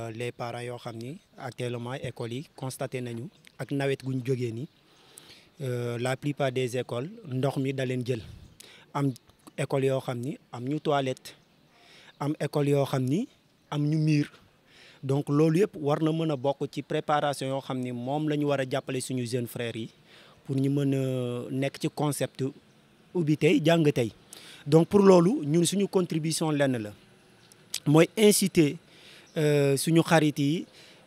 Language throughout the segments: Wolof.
Euh, les parents yoo xam ni actuellement écoles yi constaté nañu ak nawet gu ñu jógee ni euh, la plupart des écoles ndox mi da leen jël am école yoo xam ni am ñu toilette am école yoo xam ni am ñu miir donc loolu yëpp war na mën a bokk ci préparation yoo xam ni moom la ñu war a jàppale suñu jeunes frères yi pour ñu mën a nekk ci concept ubbi tey jàng tey donc pour loolu ñun suñu contribution lenn la mooy inciter euh, suñu xarit yi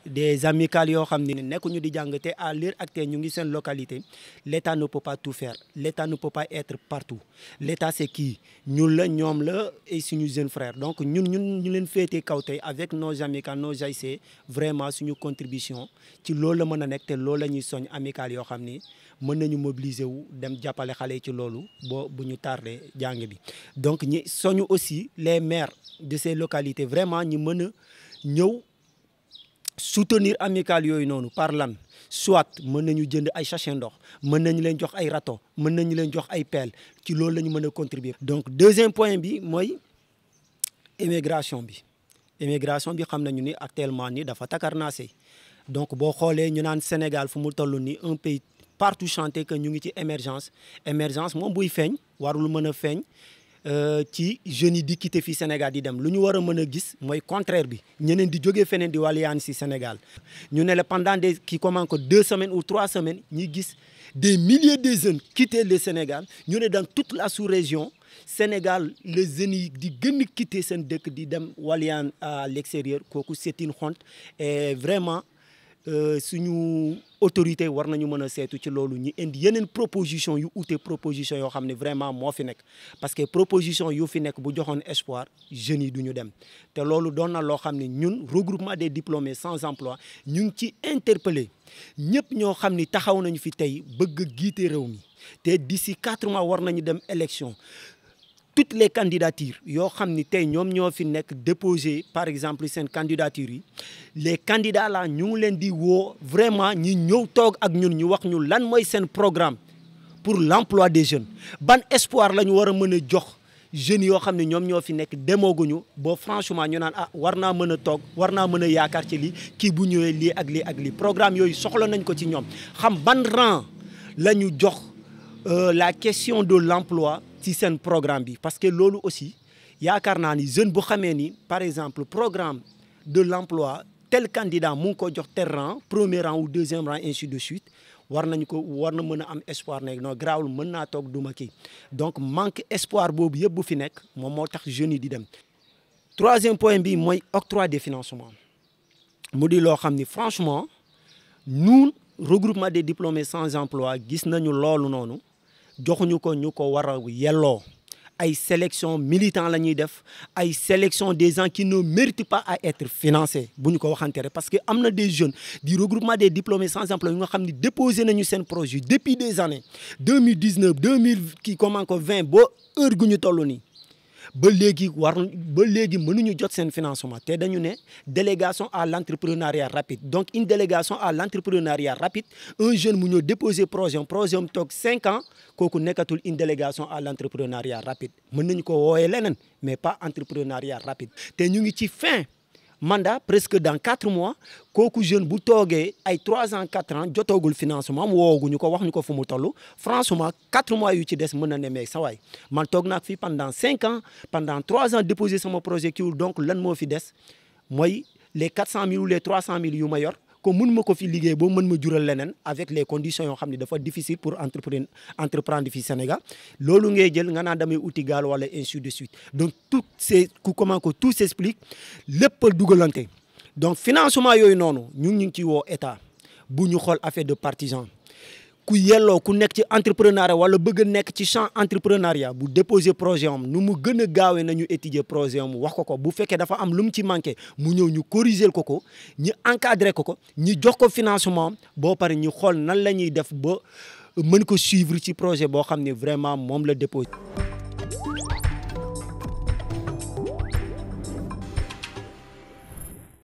des amicales yoo xam ne nekkuñu di jàng te à l'heure actuelle ñu ngi seen localité l'état ne peut pas tout faire l'état ne peut pas être partout l'état c'est qui ñun la ñoom la et suñu jeune frère donc ñun ñun ñu leen féetee kaw tey avec nos amicales nos AIC vraiment suñu contribution ci loolu la mën a nekk te loolu la ñuy soñ amicales yoo xam ni mën nañu mobiliser wu dem jàppale xale yi ci loolu boo bu ñu tardé jàng bi donc ñi soñu aussi les maires de ces localités vraiment ñu mën a ñëw soutenir amical yooyu noonu par lan soit mën nañu jënd ay sachet ndox mën nañu leen jox ay râteau mën nañu leen jox ay pelle ci loolu lañu ñu mën a contribuer. donc deuxième point bi mooy immigration bi immigration bi xam nañu ni actuellement ni dafa naa takarnaase donc boo xoolee ñu naan Sénégal fu mu toll nii un pays partout chanté que ñu ngi ci émergence émergence moom buy feeñ warul mën a feeñ. Euh, ci jeunes yi di quitter fii Sénégal di dem lu ñu war a mën a gis mooy contraire bi ñeneen di jógee feneen di wàlliyaan si Sénégal ñu ne la pendant des qui comment que deux semaines ou trois semaines ñi gis des milliers de jeunes quitter le Sénégal ñu ne dans toute la sous-région Sénégal les jeunes yi di gën a quitter seen dëkk di dem wàlliyaan à l'extérieur kooku c'est une honte et vraiment Euh, suñu autorité war nañu mën a seetu ci loolu ñu indi yeneen proposition yu ute proposition yoo xam ne vraiment moo fi nekk parce que proposition yu fi nekk bu joxoon espoir jeunes yi du ñu dem te loolu doon na loo xam ne ñun regroupement des diplômés sans emploi ñu ngi ci interpellé ñëpp ñoo xam ni taxaw nañu fi tey bëgg a réew mi te d'ici quatre mois war nañu dem élection toutes les candidatures yoo xam ni tey ñoom ñoo fi nekk déposé par exemple seen candidature yi les candidats là ñu ngi leen di woo vraiment ñi ñëw toog ak ñun ñu wax ñu lan mooy seen programme pour l'emploi des jeunes ban espoir la ñu war a mën a jox jeunes yoo xam ne ñoom ñoo fi nekk demooguñu boo franchement ñu naan ah war naa mën a toog war naa mën a yaakaar ci lii kii bu ñëwee lii ak lii ak lii programme yooyu soxla nañ ko ci ñoom xam ban rang la ñu jox euh, la question de l'emploi ci seen programme bi parce que loolu aussi yaakaar naa ni jeune bu xamee ni par exemple programme de l'emploi tel candidat mu ngi ko jox tel rang premier rang ou deuxième rang ainsi de suite war nañu ko war na mën a am espoir ne non garaawul mën naa toog duma kii donc manque espoir boobu yëpp bu fi nekk moom moo tax jeunes yi di dem. troisième point bi mooy octroi des financements mu di loo xam ni franchement ñun regroupement des diplômés sans emploi gis nañu loolu noonu joxuñu ko ñu ko war a yelloo. ay sélection militant la ñuy def ay sélection des gens qui ne méritent pas à être financés bu ñu ko waxante rek parce que am na des jeunes du regroupement des diplômés sans emploi yu nga xam ne déposé nañu seen projet depuis des années deux mille dix neuf deux mille kii comment ko vingt ba heure toll nii ba léegi war ba léegi mënuñu jot seen financement te dañu ne délégation à l'entrepreneuriat rapide donc une délégation à l'entrepreneuriat rapide un jeune mu ñëw déposer projet projet am toog cinq ans kooku nekkatul une délégation à l'entrepreneuriat rapide mën nañu ko wooyee leneen mais pas entrepreneuriat rapide te ñu ngi ci fin mandat presque dans quatre mois kooku jeune bu toogee ay trois ans quatre ans jotoogul financement am wooguñu ko wax ñu ko fu mu toll franchement quatre mois yu ci des mën na nemee sa waay man toog naa fii pendant cinq ans pendant trois ans déposé sama projet kiwul donc lan moo fi des mooy les quatre cent mille ou les cent mille yu ma yor ko mun ma ko fi liggéey boo mën ma jural leneen avec les conditions yoo xam ni dafa difficile pour entreprendre entreprendre fii Sénégal loolu ngay jël nga naan damay uti gaal wala ainsi de suite donc tout c'est comment que tout s'explique lépp a dugalante donc financement yooyu noonu ñun ngi ñu ngi ciy woo état bu ñu xool affaire de partisan ku yelloo ku nekk ci entrepreneuriat wala bëgg a nekk ci champ entrepreneuriat bu déposer projet am nu mu gën a gaawee nañu étudier projet am wax ko ko bu fekkee dafa am lu mu ci manqué mu ñëw ñu corriger ko ko ñu encadrer ko ko ñu jox ko financement boo pare ñu xool nan la ñuy def ba mën ko suivre ci projet boo xam ne vraiment moom la déposer.